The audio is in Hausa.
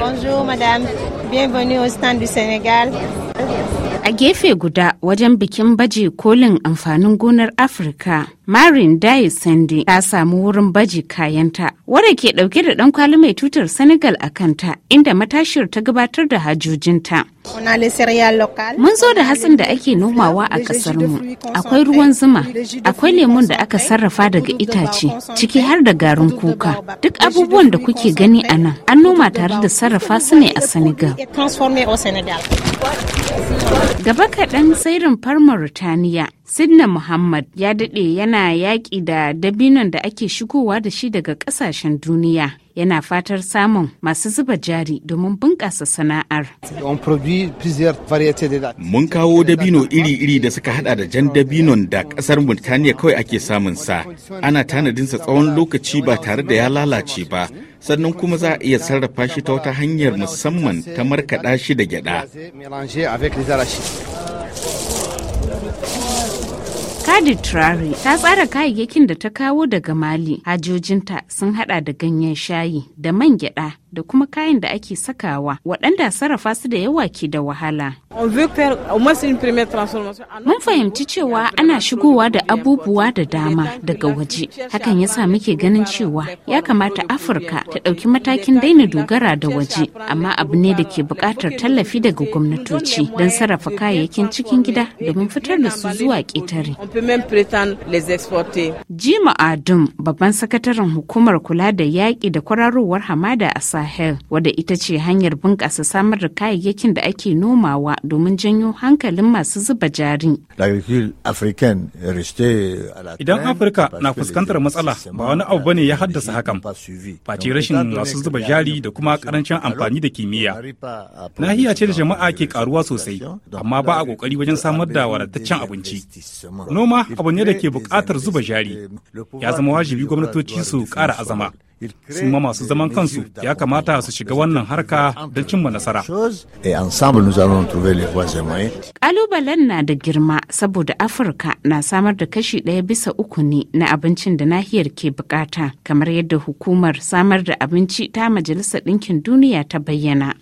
Bonjour madame, bienvenue au stand du Senegal. A gefe guda wajen bikin baje kolin amfanin gonar Afirka, Marin Dai Sandy ta samu wurin baje kayanta, wadda ke dauke da ɗan kwali mai tutar Senegal a kanta, inda matashiyar ta gabatar da hajojinta. Mun zo da hatsin da ake nomawa a ƙasarmu. Akwai ruwan zuma, akwai lemun da aka sarrafa daga itace, ciki har da garin kuka. Duk abubuwan da kuke gani a nan, an noma tare da sarrafa su ne a Senegal. Gaba kaɗan sai rumfar Mauritaniya Sidna Muhammad ya daɗe yana yaƙi da dabinon da ake shigowa da shi daga ƙasashen duniya. Yana fatar samun masu zuba jari domin bunƙasa sana'ar. Mun kawo dabino iri-iri da suka hada da jan dabinon da ƙasar Burtaniya kawai ake samun sa. Ana tanadinsa tsawon lokaci ba tare da ya lalace ba. sannan kuma za a iya sarrafa shi ta wata hanyar musamman ta markaɗa shi da gyaɗa. Ladi Trare ta tsara kayayyakin da ta kawo daga Mali. Hajojinta sun hada da ganyen shayi da man gyada da kuma kayan da ake sakawa waɗanda sarrafa su da yawa ke da wahala. Ah Mun fahimci cewa ana shigowa da abubuwa da dama daga waje. Hakan ya sa muke ganin cewa ya kamata Afirka ta ɗauki matakin daina dogara da waje, amma abu ne da ke buƙatar tallafi daga gwamnatoci don sarrafa kayayyakin cikin gida domin fitar da su zuwa ƙetare. Jima Adum, babban sakataren hukumar kula da yaƙi da kwararowar hamada a sahel wadda ita ce hanyar bunƙasa samar da kayayyakin da ake nomawa domin janyo hankalin masu zuba jari idan afirka na fuskantar matsala ba wani abu bane ya haddasa hakan face rashin masu zuba jari da kuma karancin amfani da kimiyya nahiya ce da jama'a ke karuwa sosai amma ba a kokari wajen samar da wadataccen abinci noma abu ne da ke bukatar zuba jari ya zama wajibi gwamnatoci su ƙara azama sun ma masu zaman kansu ya kamata su shiga wannan harka don cimma nasara. Ƙalubalen na da girma saboda Afirka na samar da kashi ɗaya bisa uku ne na abincin da nahiyar ke bukata kamar yadda hukumar samar da abinci ta Majalisar Ɗinkin Duniya ta bayyana.